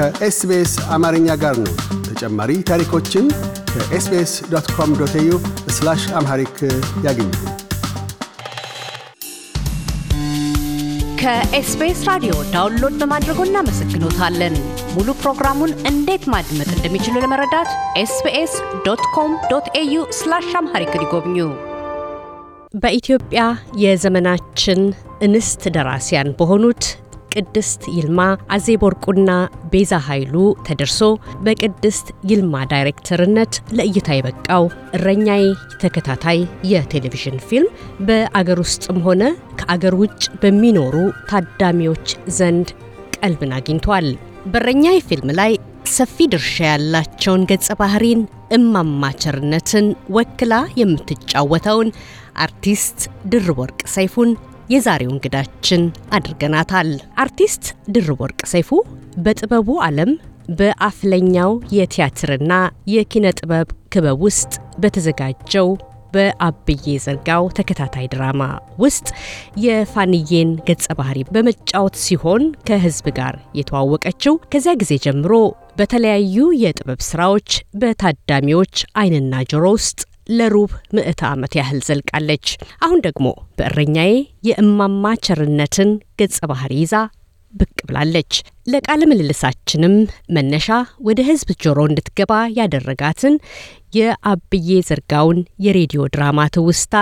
ከኤስቤስ አማርኛ ጋር ነው። ተጨማሪ ታሪኮችን ከኤስቤስ ዶት ኮም ዶት ኤዩ አምሃሪክ ያገኙ። ከኤስቤስ ራዲዮ ዳውንሎድ በማድረጎ እናመሰግኖታለን። ሙሉ ፕሮግራሙን እንዴት ማድመጥ እንደሚችሉ ለመረዳት ኤስቤስ ዶት ኮም ዶት ኤዩ አምሃሪክ ይጎብኙ። በኢትዮጵያ የዘመናችን እንስት ደራሲያን በሆኑት ቅድስት ይልማ፣ አዜብ ወርቁና ቤዛ ኃይሉ ተደርሶ በቅድስት ይልማ ዳይሬክተርነት ለእይታ የበቃው እረኛዬ ተከታታይ የቴሌቪዥን ፊልም በአገር ውስጥም ሆነ ከአገር ውጭ በሚኖሩ ታዳሚዎች ዘንድ ቀልብን አግኝቷል። በእረኛዬ ፊልም ላይ ሰፊ ድርሻ ያላቸውን ገጸ ባህሪን እማማቸርነትን ወክላ የምትጫወተውን አርቲስት ድር ወርቅ ሰይፉን የዛሬው እንግዳችን አድርገናታል። አርቲስት ድርብ ወርቅ ሰይፉ በጥበቡ ዓለም በአፍለኛው የቲያትርና የኪነ ጥበብ ክበብ ውስጥ በተዘጋጀው በአብዬ ዘርጋው ተከታታይ ድራማ ውስጥ የፋንዬን ገጸ ባህሪ በመጫወት ሲሆን ከህዝብ ጋር የተዋወቀችው። ከዚያ ጊዜ ጀምሮ በተለያዩ የጥበብ ስራዎች በታዳሚዎች አይንና ጆሮ ውስጥ ለሩብ ምዕተ ዓመት ያህል ዘልቃለች። አሁን ደግሞ በእረኛዬ የእማማ ቸርነትን ገጸ ባህሪ ይዛ ብቅ ብላለች። ለቃለ ምልልሳችንም መነሻ ወደ ህዝብ ጆሮ እንድትገባ ያደረጋትን የአብዬ ዘርጋውን የሬዲዮ ድራማ ትውስታ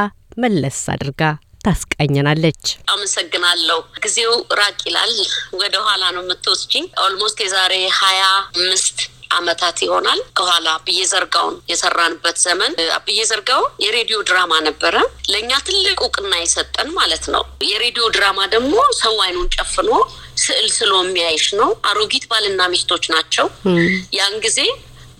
መለስ አድርጋ ታስቃኘናለች። አመሰግናለሁ። ጊዜው ራቅ ይላል። ወደ ኋላ ነው የምትወስጂኝ። ኦልሞስት የዛሬ ሀያ አምስት አመታት ይሆናል ከኋላ አብዬ ዘርጋውን የሰራንበት ዘመን አብዬ ዘርጋው የሬዲዮ ድራማ ነበረ። ለእኛ ትልቅ እውቅና የሰጠን ማለት ነው። የሬዲዮ ድራማ ደግሞ ሰው አይኑን ጨፍኖ ስዕል ስሎ የሚያይሽ ነው። አሮጊት ባልና ሚስቶች ናቸው። ያን ጊዜ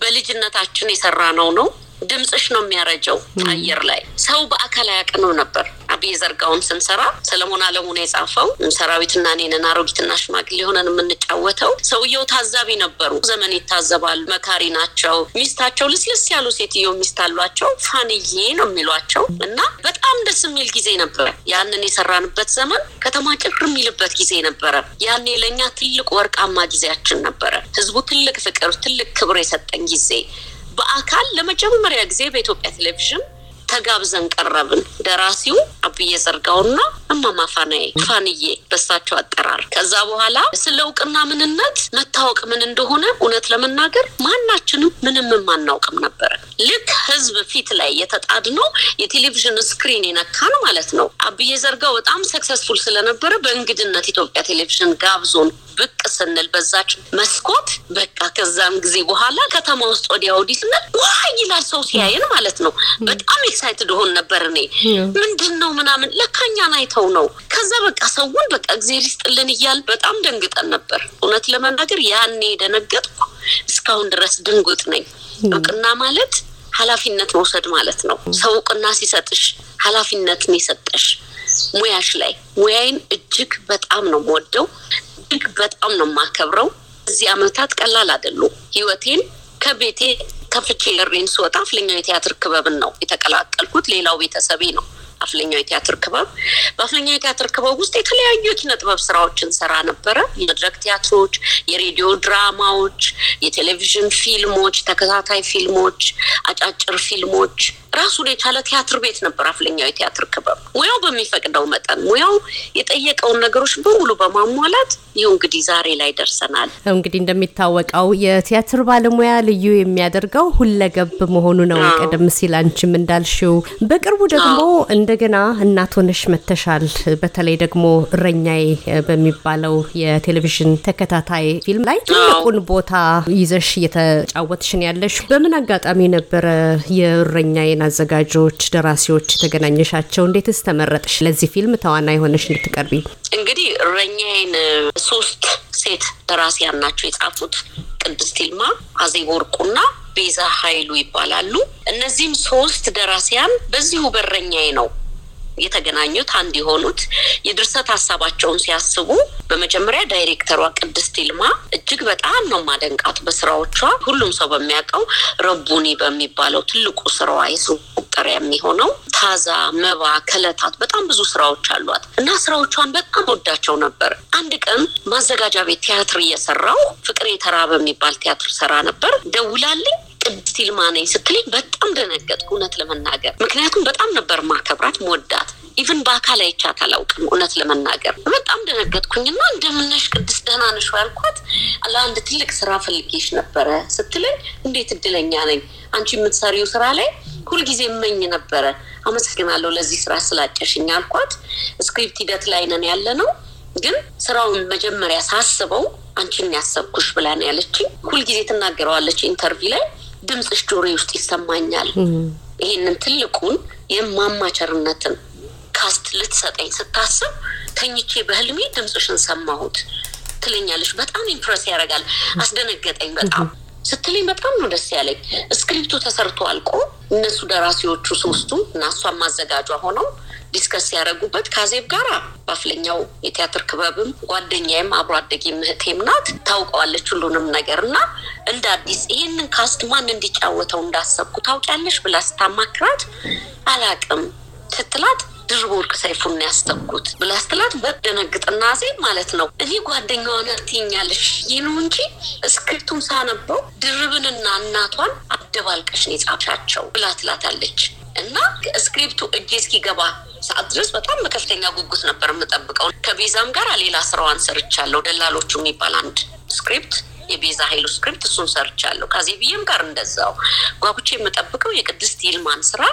በልጅነታችን የሰራነው ነው ድምፅሽ ነው የሚያረጀው አየር ላይ ሰው በአካል አያውቅም ነበር። አብይ ዘርጋውን ስንሰራ ሰለሞን አለሙ ነው የጻፈው። ሰራዊትና እኔን አሮጊትና ሽማግሌ ሆነን የምንጫወተው። ሰውየው ታዛቢ ነበሩ፣ ዘመን ይታዘባሉ፣ መካሪ ናቸው። ሚስታቸው ልስልስ ያሉ ሴትዮ ሚስት አሏቸው። ፋንዬ ነው የሚሏቸው እና በጣም ደስ የሚል ጊዜ ነበር። ያንን የሰራንበት ዘመን ከተማ ጭር የሚልበት ጊዜ ነበረ። ያኔ ለእኛ ትልቅ ወርቃማ ጊዜያችን ነበረ። ህዝቡ ትልቅ ፍቅር፣ ትልቅ ክብር የሰጠን ጊዜ በአካል ለመጀመሪያ ጊዜ በኢትዮጵያ ቴሌቪዥን ተጋብዘን ቀረብን። ደራሲው አብዬ ዘርጋውና እማማ ፋናዬ ፋንዬ በሳቸው አጠራር። ከዛ በኋላ ስለ እውቅና ምንነት መታወቅ ምን እንደሆነ እውነት ለመናገር ማናችንም ምንም የማናውቅም ነበረ። ልክ ህዝብ ፊት ላይ የተጣድነው የቴሌቪዥን ስክሪን የነካን ማለት ነው። አብዬ ዘርጋው በጣም ሰክሰስፉል ስለነበረ በእንግድነት ኢትዮጵያ ቴሌቪዥን ጋብዞን ብቅ ስንል በዛች መስኮት በቃ ከዛም ጊዜ በኋላ ከተማ ውስጥ ወዲያ ወዲህ ስንል ዋ ይላል ሰው ሲያየን ማለት ነው። በጣም ኤክሳይትድ ሆን ነበር እኔ ምንድን ነው ምናምን ለካኛን አይተው ሰው ነው። ከዛ በቃ ሰውን በቃ እግዜር ይስጥልን እያል በጣም ደንግጠን ነበር። እውነት ለመናገር ያኔ ደነገጥኩ፣ እስካሁን ድረስ ድንጉጥ ነኝ። እውቅና ማለት ኃላፊነት መውሰድ ማለት ነው። ሰው እውቅና ሲሰጥሽ ኃላፊነትን የሰጠሽ ሙያሽ ላይ ሙያዬን እጅግ በጣም ነው የምወደው፣ እጅግ በጣም ነው የማከብረው። እዚህ አመታት ቀላል አይደሉ ህይወቴን ከቤቴ ከፍቼ ገሬን ስወጣ ፍለኛው የቲያትር ክበብን ነው የተቀላቀልኩት። ሌላው ቤተሰቤ ነው። አፍለኛው የቲያትር ክበብ በአፍለኛው የቲያትር ክበብ ውስጥ የተለያዩ የኪነ ጥበብ ስራዎችን ሰራ ነበረ። የመድረክ ቲያትሮች፣ የሬዲዮ ድራማዎች፣ የቴሌቪዥን ፊልሞች፣ ተከታታይ ፊልሞች፣ አጫጭር ፊልሞች ራሱን የቻለ ቲያትር ቤት ነበር። አፍለኛው የቲያትር ክበብ ሙያው በሚፈቅደው መጠን ሙያው የጠየቀውን ነገሮች በሙሉ በማሟላት ይኸው እንግዲህ ዛሬ ላይ ደርሰናል። እንግዲህ እንደሚታወቀው የቲያትር ባለሙያ ልዩ የሚያደርገው ሁለገብ መሆኑ ነው። ቀደም ሲል አንቺም እንዳልሽው በቅርቡ ደግሞ እንደገና እናት ሆነሽ መተሻል። በተለይ ደግሞ እረኛዬ በሚባለው የቴሌቪዥን ተከታታይ ፊልም ላይ ትልቁን ቦታ ይዘሽ እየተጫወትሽን ያለሽ በምን አጋጣሚ ነበረ የእረኛዬ ተዋናይን አዘጋጆች፣ ደራሲዎች ተገናኘሻቸው? እንዴትስ ተመረጥሽ ለዚህ ፊልም ተዋናይ ሆነሽ እንድትቀርቢ? እንግዲህ እረኛዬን ሶስት ሴት ደራሲያን ናቸው የጻፉት። ቅድስት ይልማ፣ አዜብ ወርቁና ቤዛ ኃይሉ ይባላሉ። እነዚህም ሶስት ደራሲያን በዚሁ በረኛዬ ነው የተገናኙት አንድ የሆኑት የድርሰት ሀሳባቸውን ሲያስቡ በመጀመሪያ ዳይሬክተሯ ቅድስት ይልማ እጅግ በጣም ነው ማደንቃት በስራዎቿ ሁሉም ሰው በሚያውቀው ረቡኒ በሚባለው ትልቁ ስራዋ የስም የሚሆነው ታዛ መባ ከለታት በጣም ብዙ ስራዎች አሏት እና ስራዎቿን በጣም ወዳቸው ነበር። አንድ ቀን ማዘጋጃ ቤት ቲያትር እየሰራው ፍቅር የተራ በሚባል ቲያትር ሰራ ነበር። ደውላልኝ ቅድስት ይልማ ነኝ ስትለኝ በጣም ደነገጥኩ፣ እውነት ለመናገር ምክንያቱም በጣም ነበር ማከብራት መወዳት። ኢቭን በአካል አይቻት አላውቅም፣ እውነት ለመናገር በጣም ደነገጥኩኝና እንደምነሽ ቅድስት ደህና ነሽ ያልኳት ለአንድ ትልቅ ስራ ፈልጌሽ ነበረ ስትለኝ እንዴት እድለኛ ነኝ አንቺ የምትሰሪው ስራ ላይ ሁልጊዜ እመኝ ነበረ። አመሰግናለሁ ለዚህ ስራ ስላጨሽኝ አልኳት። ስክሪፕት ሂደት ላይ ነን ያለ ነው ግን ስራውን መጀመሪያ ሳስበው አንቺን ያሰብኩሽ ብላ ያለችኝ። ሁልጊዜ ትናገረዋለች ኢንተርቪው ላይ ድምፅሽ ጆሮ ውስጥ ይሰማኛል። ይህንን ትልቁን የማማቸርነትን ካስት ልትሰጠኝ ስታስብ ተኝቼ በህልሜ ድምፅሽን ሰማሁት ትለኛለች። በጣም ኢምፕረስ ያደርጋል። አስደነገጠኝ በጣም ስትለኝ በጣም ነው ደስ ያለኝ። ስክሪፕቱ ተሰርቶ አልቆ እነሱ ደራሲዎቹ ሶስቱ እና እሷም ማዘጋጇ ሆነው ዲስከስ ያደረጉበት ካዜብ ጋር ባፍለኛው የቲያትር ክበብም ጓደኛዬም አብሮ አደጌ ምህቴም ናት ታውቀዋለች ሁሉንም ነገር እና እንደ አዲስ ይህንን ካስት ማን እንዲጫወተው እንዳሰብኩ ታውቂያለሽ ብላ ስታማክራት አላቅም ስትላት ድርብ ወርቅ ሰይፉን ያስተኩት ብላ ስትላት በደነግጥና ሴ ማለት ነው እኔ ጓደኛዋን ትይኛለሽ ይኑ እንጂ እስክሪፕቱም ሳነበው ድርብንና እናቷን አደባልቀሽ ነው የጻፍሻቸው ብላ ትላታለች። እና እስክሪፕቱ እጄ እስኪገባ ሰዓት ድረስ በጣም በከፍተኛ ጉጉት ነበር የምጠብቀው። ከቤዛም ጋር ሌላ ስራዋን ሰርቻለሁ። ደላሎቹ የሚባል አንድ ስክሪፕት የቤዛ ሀይሉ ስክሪፕት እሱን ሰርቻለሁ። ከዚህ ብዬም ጋር እንደዛው ጓጉቼ የምጠብቀው የቅድስት ይልማን ስራ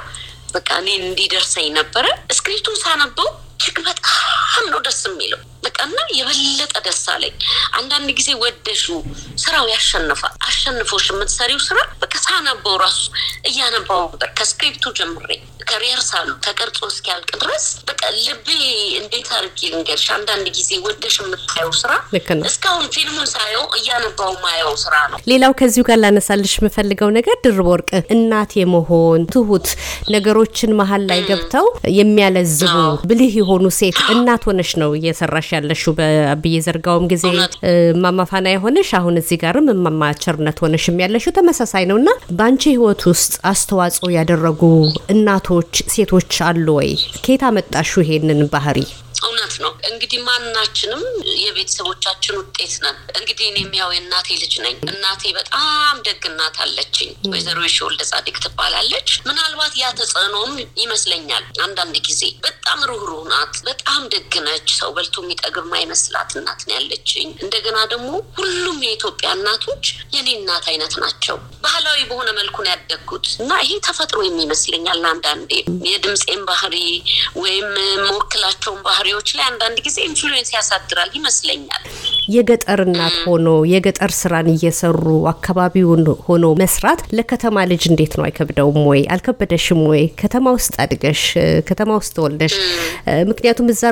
በቃ እኔ እንዲደርሰኝ ነበረ። እስክሪፕቱን ሳነበው እጅግ በጣም ነው ደስ የሚለው። በቃ እና የበለጠ ደስ አለኝ። አንዳንድ ጊዜ ወደሹ ስራው ያሸንፋል። አሸንፎሽ የምትሰሪው ስራ በቃ ሳነበው ራሱ እያነባው ነበር ከስክሪፕቱ ጀምሬ ከሪሄርሳሉ ተቀርጾ እስኪያልቅ ድረስ በቃ ልቤ እንዴት አድርጌ ልንገርሽ። አንዳንድ ጊዜ ወደሽ የምታየው ስራ ልክ ነው። እስካሁን ፊልሙን ሳየው እያነባው ማየው ስራ ነው። ሌላው ከዚሁ ጋር ላነሳልሽ የምፈልገው ነገር ድርብ ወርቅ እናት የመሆን ትሁት ነገሮችን መሀል ላይ ገብተው የሚያለዝቡ ብልህ የሆኑ ሴት እናት ሆነሽ ነው እየሰራሽ ያለሽው። በአብዬ ዘርጋውም ጊዜ ማማፋና የሆነሽ አሁን እዚህ ጋርም ማማቸርነት ሆነሽም ያለሽው ተመሳሳይ ነው እና በአንቺ ህይወት ውስጥ አስተዋጽኦ ያደረጉ እናቶች ሴቶች አሉ ወይ? ከየት አመጣሹ ይሄንን ባህሪ? እውነት ነው። እንግዲህ ማናችንም የቤተሰቦቻችን ውጤት ነን። እንግዲህ እኔም ያው የእናቴ ልጅ ነኝ። እናቴ በጣም ደግ እናት አለችኝ። ወይዘሮ የሺወልደ ጻድቅ ትባላለች። ምናልባት ያ ተጽዕኖም ይመስለኛል። አንዳንድ ጊዜ በጣም ሩህሩህ ናት፣ በጣም ደግ ነች። ሰው በልቶ የሚጠግብ ማይመስላት እናት ነው ያለችኝ። እንደገና ደግሞ ሁሉም የኢትዮጵያ እናቶች የኔ እናት አይነት ናቸው። ባህላዊ በሆነ መልኩ ነው ያደግኩት እና ይሄ ተፈጥሮ የሚመስለኛል። አንዳንዴ የድምፄን ባህሪ ወይም መወክላቸውን ባህሪ ተማሪዎች ላይ አንዳንድ ጊዜ ኢንፍሉዌንስ ያሳድራል ይመስለኛል። የገጠር እናት ሆኖ የገጠር ስራን እየሰሩ አካባቢውን ሆኖ መስራት ለከተማ ልጅ እንዴት ነው? አይከብደውም ወይ? አልከበደሽም ወይ? ከተማ ውስጥ አድገሽ ከተማ ውስጥ ተወልደሽ። ምክንያቱም እዛ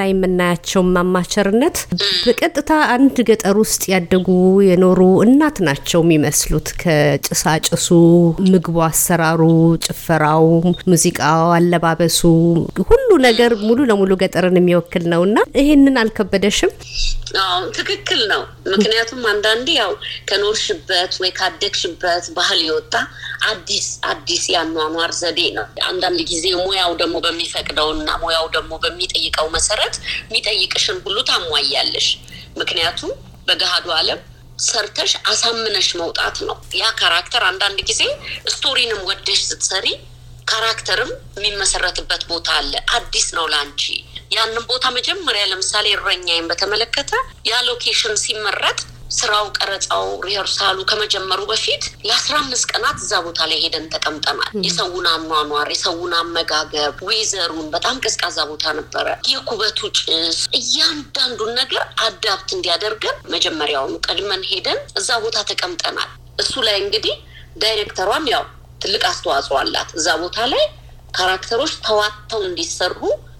ላይ የምናያቸው ማማቸርነት በቀጥታ አንድ ገጠር ውስጥ ያደጉ የኖሩ እናት ናቸው የሚመስሉት። ከጭሳጭሱ፣ ምግቡ፣ አሰራሩ፣ ጭፈራው፣ ሙዚቃው፣ አለባበሱ ሁሉ ነገር ሙሉ ለሙሉ ገጠር ሀገርን የሚወክል ነው እና ይህንን አልከበደሽም? አዎ ትክክል ነው። ምክንያቱም አንዳንዴ ያው ከኖርሽበት ወይ ካደግሽበት ባህል የወጣ አዲስ አዲስ ያኗኗር ዘዴ ነው። አንዳንድ ጊዜ ሙያው ደግሞ በሚፈቅደው እና ሙያው ደግሞ በሚጠይቀው መሰረት የሚጠይቅሽን ሁሉ ታሟያለሽ። ምክንያቱም በገሃዱ ዓለም ሰርተሽ አሳምነሽ መውጣት ነው። ያ ካራክተር አንዳንድ ጊዜ ስቶሪንም ወደሽ ስትሰሪ ካራክተርም የሚመሰረትበት ቦታ አለ። አዲስ ነው ለአንቺ ያንን ቦታ መጀመሪያ ለምሳሌ እረኛይን በተመለከተ ያ ሎኬሽን ሲመረጥ ስራው፣ ቀረጻው፣ ሪሄርሳሉ ከመጀመሩ በፊት ለአስራ አምስት ቀናት እዛ ቦታ ላይ ሄደን ተቀምጠናል። የሰውን አኗኗር፣ የሰውን አመጋገብ፣ ዌዘሩን በጣም ቀዝቃዛ ቦታ ነበረ። የኩበቱ ጭስ፣ እያንዳንዱን ነገር አዳፕት እንዲያደርገን መጀመሪያውኑ ቀድመን ሄደን እዛ ቦታ ተቀምጠናል። እሱ ላይ እንግዲህ ዳይሬክተሯም ያው ትልቅ አስተዋጽኦ አላት። እዛ ቦታ ላይ ካራክተሮች ተዋተው እንዲሰሩ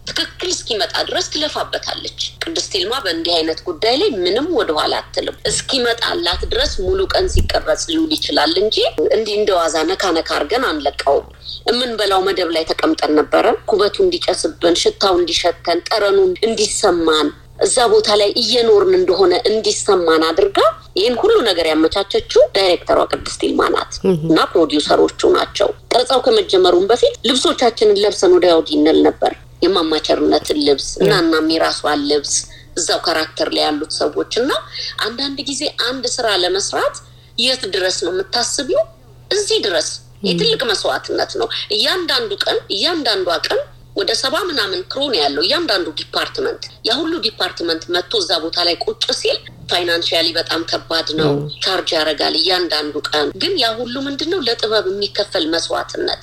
ትክክል እስኪመጣ ድረስ ትለፋበታለች። ቅድስት ይልማ በእንዲህ አይነት ጉዳይ ላይ ምንም ወደኋላ አትልም። እስኪመጣላት ድረስ ሙሉ ቀን ሲቀረጽ ሊውል ይችላል እንጂ እንዲህ እንደዋዛ ነካ ነካ አድርገን አንለቀውም። የምንበላው መደብ ላይ ተቀምጠን ነበረ። ኩበቱ እንዲጨስብን፣ ሽታው እንዲሸተን፣ ጠረኑ እንዲሰማን እዛ ቦታ ላይ እየኖርን እንደሆነ እንዲሰማን አድርጋ ይህን ሁሉ ነገር ያመቻቸችው ዳይሬክተሯ ቅድስት ይልማ ናት እና ፕሮዲውሰሮቹ ናቸው። ቀረጻው ከመጀመሩም በፊት ልብሶቻችንን ለብሰን ወደ ያውድ እንል ነበር። የማማቸርነትን ልብስ እና እናም የራሷን ልብስ እዛው ካራክተር ላይ ያሉት ሰዎች እና አንዳንድ ጊዜ አንድ ስራ ለመስራት የት ድረስ ነው የምታስቢው? እዚህ ድረስ የትልቅ መስዋዕትነት ነው። እያንዳንዱ ቀን እያንዳንዷ ቀን ወደ ሰባ ምናምን ክሮን ያለው እያንዳንዱ ዲፓርትመንት የሁሉ ዲፓርትመንት መጥቶ እዛ ቦታ ላይ ቁጭ ሲል ፋይናንሽያሊ በጣም ከባድ ነው። ቻርጅ ያደርጋል እያንዳንዱ ቀን። ግን ያ ሁሉ ምንድን ነው ለጥበብ የሚከፈል መስዋዕትነት።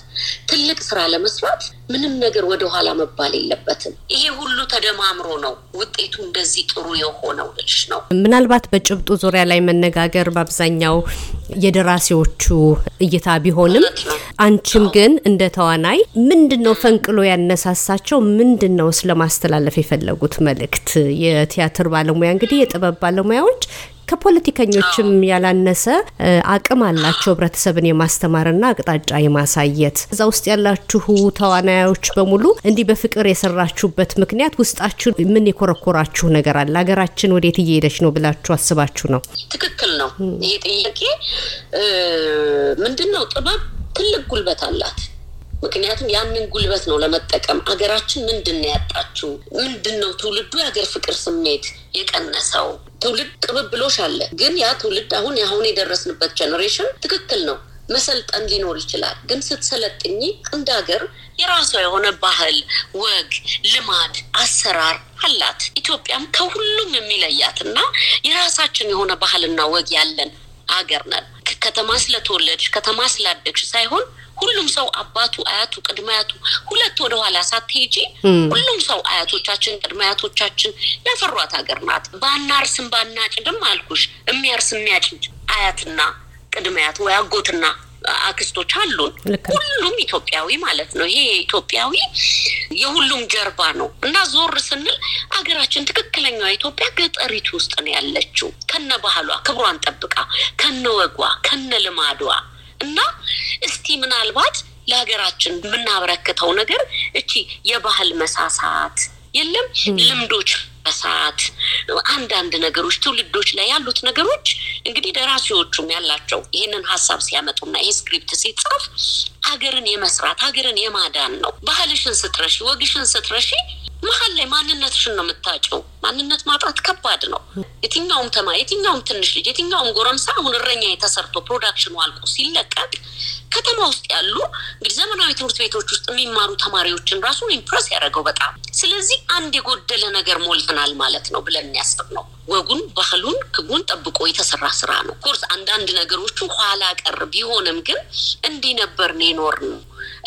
ትልቅ ስራ ለመስራት ምንም ነገር ወደኋላ መባል የለበትም። ይሄ ሁሉ ተደማምሮ ነው ውጤቱ እንደዚህ ጥሩ የሆነው ልሽ ነው። ምናልባት በጭብጡ ዙሪያ ላይ መነጋገር በአብዛኛው የደራሲዎቹ እይታ ቢሆንም አንቺም ግን እንደ ተዋናይ ምንድን ነው ፈንቅሎ ያነሳሳቸው? ምንድን ነው ስለማስተላለፍ የፈለጉት መልእክት? የቲያትር ባለሙያ እንግዲህ የጥበብ ባለሙያዎች ከፖለቲከኞችም ያላነሰ አቅም አላቸው ህብረተሰብን የማስተማርና አቅጣጫ የማሳየት። እዛ ውስጥ ያላችሁ ተዋናዮች በሙሉ እንዲህ በፍቅር የሰራችሁበት ምክንያት ውስጣችሁ ምን የኮረኮራችሁ ነገር አለ? ሀገራችን ወዴት እየሄደች ነው ብላችሁ አስባችሁ ነው? ትክክል ነው ይሄ ጥያቄ። ምንድን ነው ጥበብ ትልቅ ጉልበት አላት። ምክንያቱም ያንን ጉልበት ነው ለመጠቀም። አገራችን ምንድን ያጣችው? ምንድን ነው ትውልዱ የሀገር ፍቅር ስሜት የቀነሰው? ትውልድ ቅብብሎሽ አለ፣ ግን ያ ትውልድ አሁን አሁን የደረስንበት ጀኔሬሽን ትክክል ነው መሰልጠን ሊኖር ይችላል። ግን ስትሰለጥኝ እንደ ሀገር የራሷ የሆነ ባህል፣ ወግ፣ ልማድ፣ አሰራር አላት። ኢትዮጵያም ከሁሉም የሚለያት እና የራሳችን የሆነ ባህልና ወግ ያለን ሀገር ነን። ከተማ ስለተወለድሽ ከተማ ስላደግሽ ሳይሆን ሁሉም ሰው አባቱ፣ አያቱ፣ ቅድመ አያቱ ሁለት ወደኋላ ሳትሄጂ ሁሉም ሰው አያቶቻችን፣ ቅድመ አያቶቻችን ያፈሯት ሀገር ናት። ባናርስም ባናጭድም አልኩሽ የሚያርስ የሚያጭድ አያትና ቅድመ አያት ወይ አጎትና አክስቶች አሉን። ሁሉም ኢትዮጵያዊ ማለት ነው። ይሄ ኢትዮጵያዊ የሁሉም ጀርባ ነው እና ዞር ስንል አገራችን ትክክለኛዋ ኢትዮጵያ ገጠሪቱ ውስጥ ነው ያለችው ከነ ባህሏ ክብሯን ጠብቃ ከነ ወጓ ከነ ልማዷ እና እስቲ ምናልባት ለሀገራችን የምናበረክተው ነገር እቺ የባህል መሳሳት የለም ልምዶች በሳት አንዳንድ ነገሮች ትውልዶች ላይ ያሉት ነገሮች እንግዲህ ደራሲዎቹም ያላቸው ይህንን ሀሳብ ሲያመጡና ይሄ ስክሪፕት ሲጻፍ ሀገርን የመስራት ሀገርን የማዳን ነው። ባህልሽን ስትረሺ፣ ወግሽን ስትረሺ መሀል ላይ ማንነትሽን ነው የምታጨው። ማንነት ማጣት ከባድ ነው። የትኛውም ተማ የትኛውም ትንሽ ልጅ የትኛውም ጎረምሳ አሁን እረኛ የተሰርቶ ፕሮዳክሽኑ አልቆ ሲለቀቅ ከተማ ውስጥ ያሉ እንግዲህ ዘመናዊ ትምህርት ቤቶች ውስጥ የሚማሩ ተማሪዎችን ራሱን ኢምፕረስ ያደረገው በጣም። ስለዚህ አንድ የጎደለ ነገር ሞልተናል ማለት ነው ብለን የሚያስብ ነው። ወጉን ባህሉን ክቡን ጠብቆ የተሰራ ስራ ነው። ኮርስ አንዳንድ ነገሮቹ ኋላ ቀር ቢሆንም ግን እንዲህ ነበር የኖር ነው።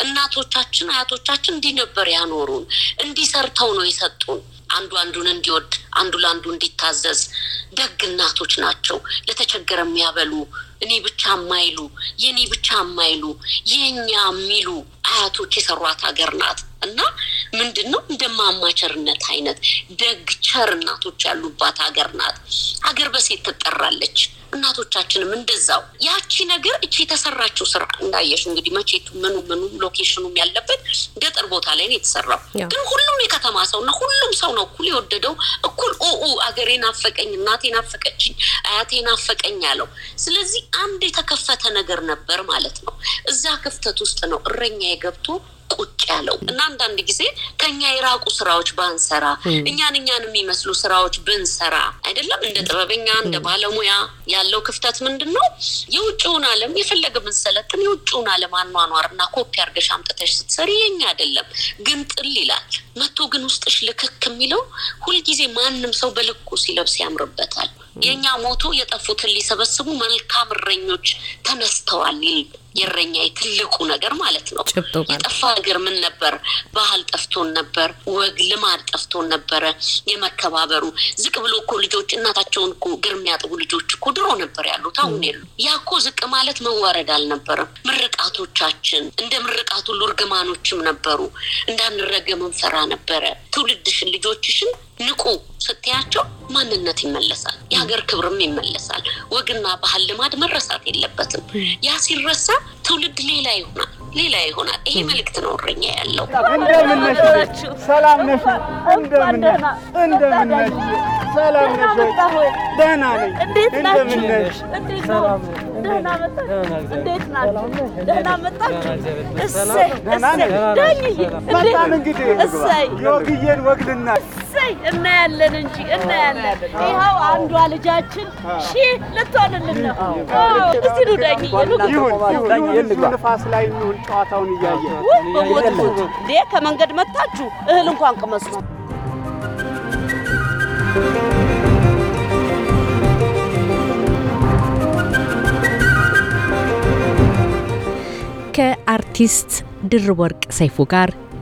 እናቶቻችን አያቶቻችን እንዲህ ነበር ያኖሩን፣ እንዲሰርተው ነው የሰጡን አንዱ አንዱን እንዲወድ፣ አንዱ ለአንዱ እንዲታዘዝ ደግ እናቶች ናቸው። ለተቸገረ የሚያበሉ እኔ ብቻ የማይሉ የኔ ብቻ የማይሉ የኛ የሚሉ አያቶች የሰሯት ሀገር ናት። እና ምንድን ነው እንደ ማማቸርነት አይነት ደግ ቸር እናቶች ያሉባት ሀገር ናት። ሀገር በሴት ትጠራለች። እናቶቻችንም እንደዛው ያቺ ነገር እቺ የተሰራችው ስራ እንዳየሽ እንግዲህ መቼቱ ምኑ ምኑ ሎኬሽኑም ያለበት ገጠር ቦታ ላይ ነው የተሰራው። ግን ሁሉም የከተማ ሰው እና ሁሉም ሰው ነው እኩል የወደደው እኩል ኦኡ አገሬ ናፈቀኝ፣ እናቴ ናፈቀችኝ፣ አያቴ ናፈቀኝ ያለው። ስለዚህ አንድ የተከፈተ ነገር ነበር ማለት ነው። እዛ ክፍተት ውስጥ ነው እረኛ የገብቶ ቁጭ ያለው እና አንዳንድ ጊዜ ከኛ የራቁ ስራዎች ባንሰራ እኛን እኛን የሚመስሉ ስራዎች ብንሰራ አይደለም እንደ ጥበበኛ እንደ ባለሙያ ያለው ክፍተት ምንድን ነው? የውጭውን አለም የፈለገ ብንሰለጥን የውጭውን አለም አኗኗር እና ኮፒ አርገሽ አምጥተሽ ስትሰሪ የኛ አይደለም ግን ጥል ይላል መቶ ግን ውስጥሽ ልክክ የሚለው ሁልጊዜ ማንም ሰው በልኩ ሲለብስ ያምርበታል። የእኛ ሞቶ የጠፉትን ሊሰበስቡ መልካም እረኞች ተነስተዋል ይል የረኛ ትልቁ ነገር ማለት ነው። የጠፋ ሀገር ምን ነበር? ባህል ጠፍቶን ነበር። ወግ ልማድ ጠፍቶን ነበረ። የመከባበሩ ዝቅ ብሎ እኮ ልጆች እናታቸውን እኮ እግር የሚያጥቡ ልጆች እኮ ድሮ ነበር ያሉት፣ አሁን የሉ። ያ እኮ ዝቅ ማለት መዋረድ አልነበረም። ምርቃቶቻችን እንደ ምርቃት ሁሉ እርግማኖችም ነበሩ። እንዳንረገም እንፈራ ነበረ። ትውልድሽን ልጆችሽን ንቁ ስትያቸው ማንነት ይመለሳል፣ የሀገር ክብርም ይመለሳል። ወግና ባህል ልማድ መረሳት የለበትም። ያ ሲረሳ ትውልድ ሌላ ይሆናል ሌላ ይሆናል። ይሄ መልእክት ነው እረኛ ያለው። ሰላም ነሽ? እንደምን እንደምን ነሽ? ሰላም ነሽ? ደህና ነኝ። እንደምን ነሽ? ደህና መጣሽ? ደህና ነኝ። ዳኝዬ መጣን እንግዲህ የወግዬን ወግልና እሰይ እናያለን እንጂ እናያለን። ይኸው አንዷ ልጃችን ሺህ ልትሆንልን ነው። እስቲ ዱዳኝ ንፋስ ላይ ጨዋታውን እያየ እንዴ ከመንገድ እህል እንኳን ከአርቲስት ድር ወርቅ ሰይፉ ጋር